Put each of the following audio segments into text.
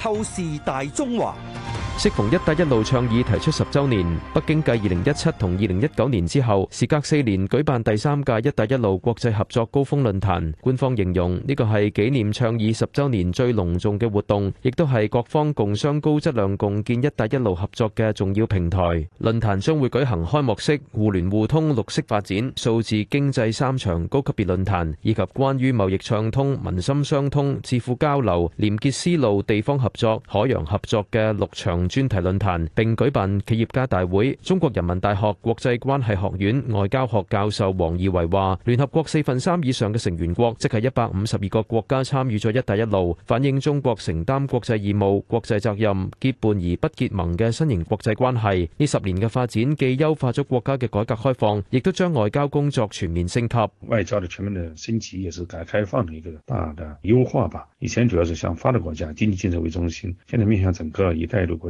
透視大中華。適逢“一帶一路”倡議提出十周年，北京繼二零一七同二零一九年之後，時隔四年舉辦第三屆“一帶一路”國際合作高峰論壇。官方形容呢個係紀念倡議十周年最隆重嘅活動，亦都係各方共商高質量共建“一帶一路”合作嘅重要平台。論壇將會舉行開幕式、互聯互通、綠色發展、數字經濟三場高級別論壇，以及關於貿易暢通、民心相通、智庫交流、廉潔絲路、地方合作、海洋合作嘅六場專題論壇，並舉辦企業家大會。中國人民大學國際關係學院外交學教授王義維話，聯合國四分三以上嘅成員國即係一百五十二個國家參與咗一帶一路，反映中國承擔國際義務國際責任，結伴而不結盟嘅新型國際關係呢十年嘅發展既優化咗國家嘅改革開放，亦都將外交工作全面升級，外交嘅全面嘅升級也是大開放嘅一個大的優化吧。以前主要是向發達國家經濟建設為中心，現在面向整個一帶一路國。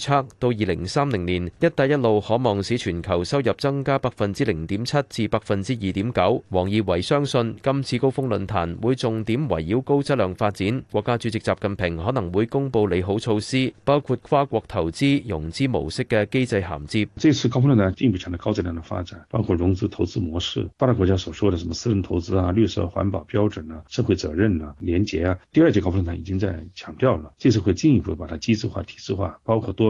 測到二零三零年，一帶一路可望使全球收入增加百分之零點七至百分之二點九。王義為相信今次高峰論壇會重點圍繞高質量發展，國家主席習近平可能會公布利好措施，包括跨國投資融資模式嘅機制銜接。這次高峰論壇進一步強調高質量的發展，包括融資投資模式，發達國家所說的什麼私人投資啊、綠色環保標準啊、社會責任啊、廉潔啊。第二屆高峰論壇已經在強調了，這次會進一步把它機制化、體制化，包括多。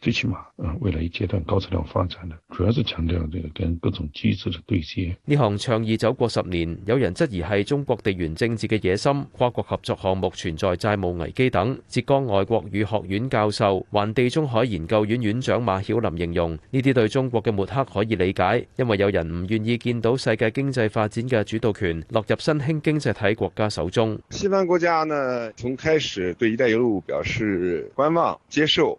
最起碼，啊，未來一階段高質量發展的，主要是強調這個跟各種機制的對接。呢項倡議走過十年，有人質疑係中國地緣政治嘅野心、跨國合作項目存在債務危機等。浙江外國語學院教授、環地中海研究院院長馬曉林形容呢啲對中國嘅抹黑可以理解，因為有人唔願意見到世界經濟發展嘅主導權落入新興經濟體國家手中。西方國家呢，從開始對一帶一路表示觀望、接受。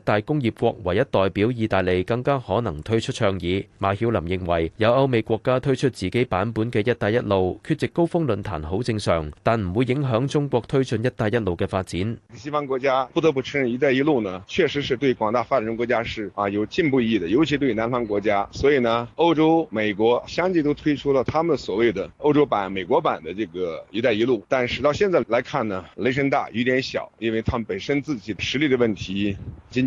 大工業國唯一代表，意大利更加可能推出倡議。馬曉林認為有歐美國家推出自己版本嘅“一帶一路”，缺席高峰論壇好正常，但唔會影響中國推進“一帶一路”嘅發展。西方國家不得不承認“一帶一路”呢，確實是對廣大發展中國家是啊有進步意義的，尤其對南方國家。所以呢，歐洲、美國相繼都推出了他們所謂的歐洲版、美國版的這個“一帶一路”，但是到現在來看呢，雷聲大雨點小，因為他們本身自己實力的問題，僅。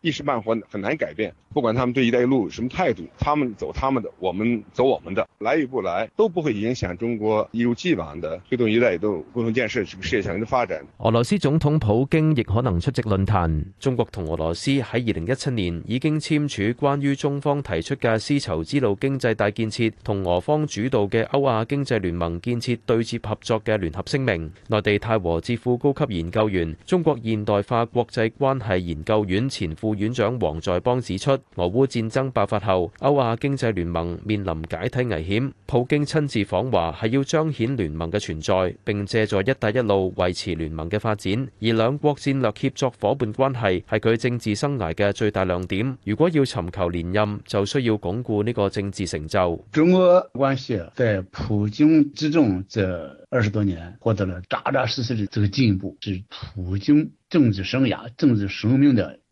一時半會很難改變。不管他們對“一帶一路”什麼態度，他們走他們的，我們走我們的。來與不來都不會影響中國一如既往的推動“一帶一路”共同建設這個事業上的發展。俄羅斯總統普京亦可能出席論壇。中國同俄羅斯喺二零一七年已經簽署關於中方提出嘅“絲綢之路經濟帶建設”同俄方主導嘅“歐亞經濟聯盟建設”對接合作嘅聯合聲明。內地泰和智庫高級研究員、中國現代化國際關係研究院前副副院長王在邦指出，俄烏戰爭爆發後，歐亞經濟聯盟面臨解體危險。普京親自訪華係要彰顯聯盟嘅存在，並借助一帶一路維持聯盟嘅發展。而兩國戰略協作伙伴關係係佢政治生涯嘅最大亮點。如果要尋求連任，就需要鞏固呢個政治成就。中俄關係在普京之中，這二十多年，獲得了紮扎實實嘅這個進步，是普京政治生涯、政治生命的。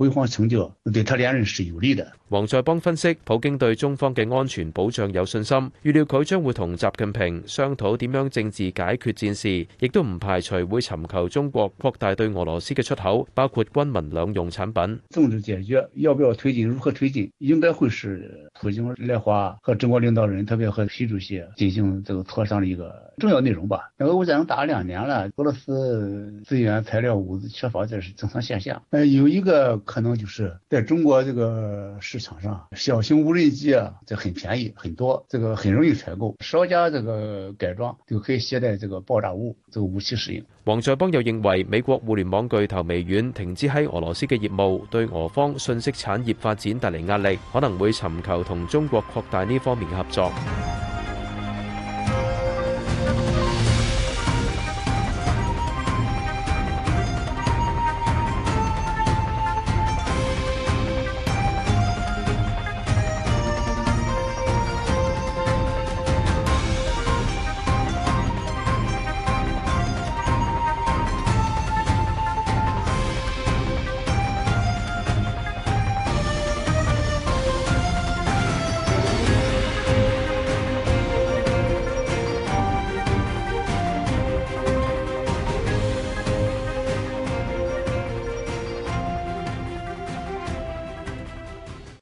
輝煌成就對他連任是有利的。王在邦分析，普京對中方的安全保障有信心，預料佢將會同習近平商討點樣政治解決戰事，亦都唔排除會尋求中國擴大對俄羅斯嘅出口，包括軍民兩用產品。政治解決要不要推進，如何推進，應該會是普京來華和中國領導人，特別和習主席進行這個磋商的一個重要內容吧。俄烏戰爭打了兩年了，俄羅斯資源材料物資缺乏，這是正常現象。誒，有一個。可能就是在中國這個市場上，小型無人機啊，這很便宜，很多，這個很容易採購，稍加這個改裝就可以携帶這個爆炸物，這個武器使用。王在邦又認為，美國互聯網巨頭微軟停止喺俄羅斯嘅業務，對俄方信息產業發展帶嚟壓力，可能會尋求同中國擴大呢方面嘅合作。